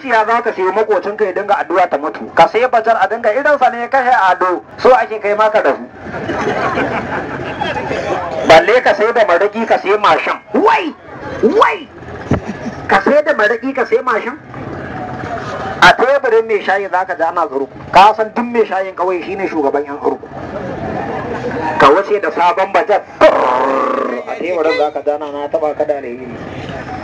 Zuciya za ka sayi ka ya dinga addu'a ta mutu. Ka sayi bajar a dinga sa ne kashe ado so ake kai maka da su. Balle ka sayi da maraki ka sayi mashin. Wai! Wai! Ka sayi da maraki ka sayi mashin? A teburin mai shayi za ka ji ana zurku. Ka san duk mai shayin kawai shine shugaban 'yan urku. Ka wuce da sabon bajar. A teburin za ka dana na taba kada da ne.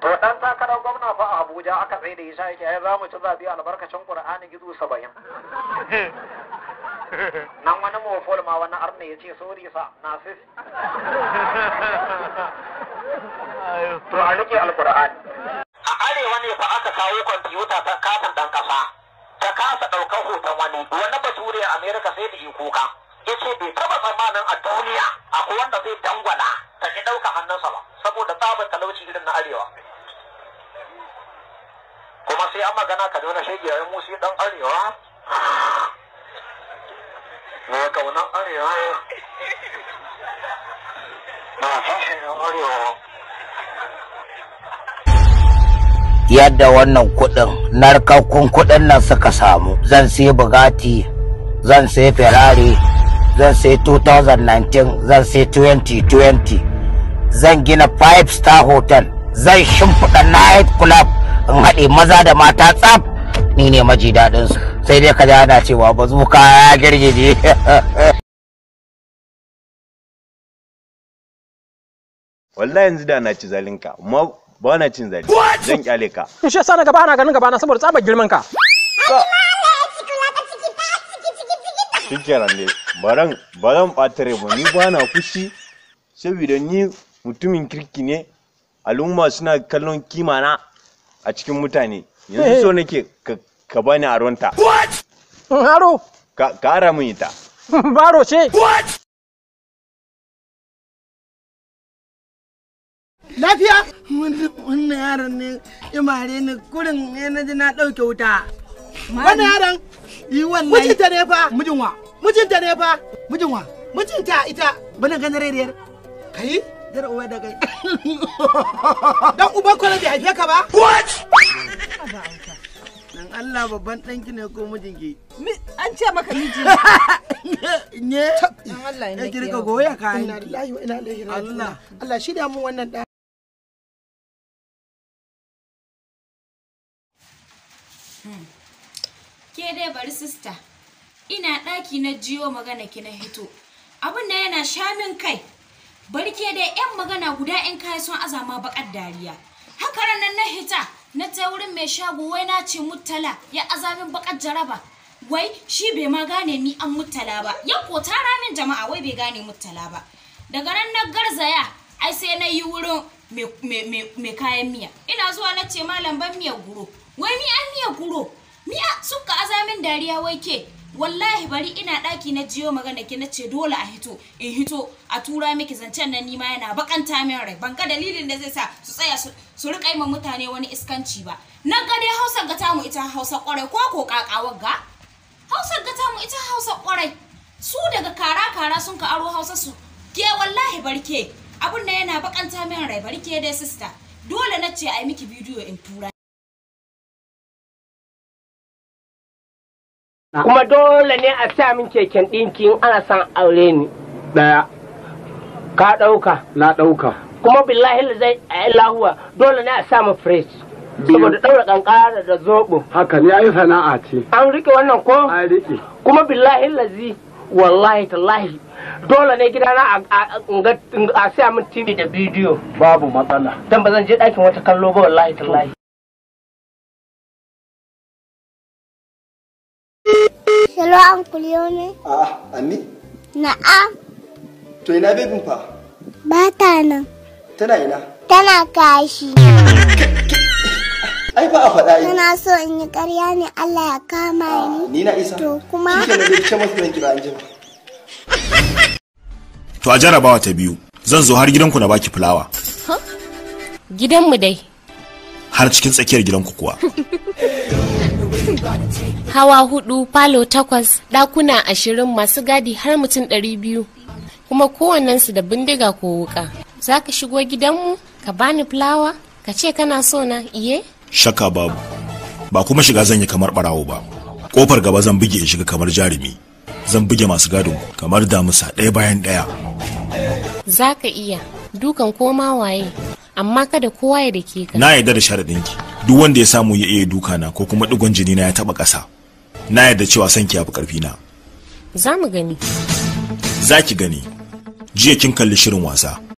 to dan takarar gwamna fa a Abuja aka tsaye da Isa yake za mu ci zabi albarkacin Qur'ani gizo 70 nan wani mofol ma wani arna ya ce sori sa nasis to a rike alkur'ani a arewa ne fa aka kawo kwamfuta ta kafin dan kasa ta kasa ɗaukar hoton wani wani bature a america sai da yi kuka ya ce bai taba tsammanin a duniya akwai wanda zai dangwala ta ki ɗauka hannunsa ba saboda tsabar talauci irin na arewa kuma sai an magana ka zaune shege yayin musu dan arewa mai kaunan arewa na fashin arewa yadda wannan kudin narkakkun kuɗin nan suka samu zan sai bugatti zan sai ferrari zan sai 2019 zan sai 2020 zan gina five star hotel zan shimfiɗa night club in haɗe maza da mata tsaf ni ne maji daɗin su sai dai ka ana cewa bazuka ya girgije wallahi yanzu da na ci zalinka amma ba na cin zali zan kyale ka in shi yasa na gaba ana ganin gaba na saboda tsabar girman ka shikenan ne baran baran ɓata rai ba ni ba na fushi saboda ni mutumin kirki ne al'umma suna kallon kima na a cikin mutane yanzu so nake ka bani aronta what haro mm, ka kara mun ita baro ce what lafiya wannan yaron ne mare ni kurin ne na ji na dauke wuta wannan yaron yi wannan mijinta ne fa mijinwa mijinta ne fa mijinwa mijinta ita bana ganin reriyar kai Dar uwa da Dan uban kwana bai haife ka ba? What? Dan Allah babban ne ko mijinki? An ce maka miji. Ne? Dan Allah ne. Ya girka goya ka. Inna lillahi wa inna ilaihi raji'un. Allah. Allah shi da mu wannan Ke dai bari Ina ɗaki na jiyo magana ki na hito. Abin da yana sha min kai. Barke ke dai yan magana guda yan kaya sun azama bakar dariya haka ranar na hita na ta wurin mai shago wai na ce muttala ya azamin bakar jaraba wai shi bai ma gane ni an muttala ba ya ko tara min jama'a wai bai gane muttala ba daga nan na garzaya ai sai na yi wurin mai kayan miya ina zuwa na ce malam ban miyar guro wai mi an miyar guro miya suka azamin dariya wai ke wallahi bari ina ɗaki na jiyo magana ki nace dole a hito in hito a tura miki zancen nan nima yana bakanta min rai ban ga dalilin da zai sa su tsaya su rika ma mutane wani iskanci ba na ga dai Hausa ga tamu ita Hausa kwarai ko ko kakawar ga Hausa ga tamu ita Hausa kwarai su daga kara kara sun ka aro Hausa su ke wallahi barke abun nan yana bakanta min rai barke dai sister dole nace a yi miki bidiyo in tura kuma dole ne a sa min keken ɗinki in ana son aure ni ɗaya ka ɗauka na ɗauka kuma billahi zai eh, lahuwa dole ne a sa mu fresh saboda ɗaura kankara da zobo haka ne yi sana'a ce an rike wannan ko an rike kuma billahi lazi wallahi tallahi dole ne gidana a sa min tv da bidiyo babu matsala dan ba zan je ɗakin wata kallo ba wallahi tallahi Hello, Uncle Yomi. Ah, Ami? Na'am. To ina bebin fa? Ba ta nan. Tana ina? Tana kashi. Ai ba a faɗa yi. Tana so in yi ƙarya ne Allah ya kama ni. Ni na isa. To kuma. Shi ne na bai ce masu zan kira an To a jarabawa ta biyu zan zo har gidanku na baki fulawa. Gidanmu dai. Har cikin tsakiyar gidanku kuwa. hawa hudu falo takwas dakuna ashirin masu gadi har mutum ɗari biyu kuma kowannensu da bindiga ko wuka za ka shigo gidanmu ka bani fulawa ka ce kana so na iye shaka babu ba kuma shiga zan yi kamar barawo ba kofar gaba zan buge in shiga kamar jarumi zan buge masu gado kamar damusa ɗaya bayan ɗaya za ka iya dukan koma waye amma kada kowa ya da ke ka na yarda da sharaɗinki duk wanda ya samu ya iya duka na ko kuma digon jini na ya taba ƙasa na yarda cewa son ki yafi karfi na za mu gani za ki gani jiya kin kalli shirin wasa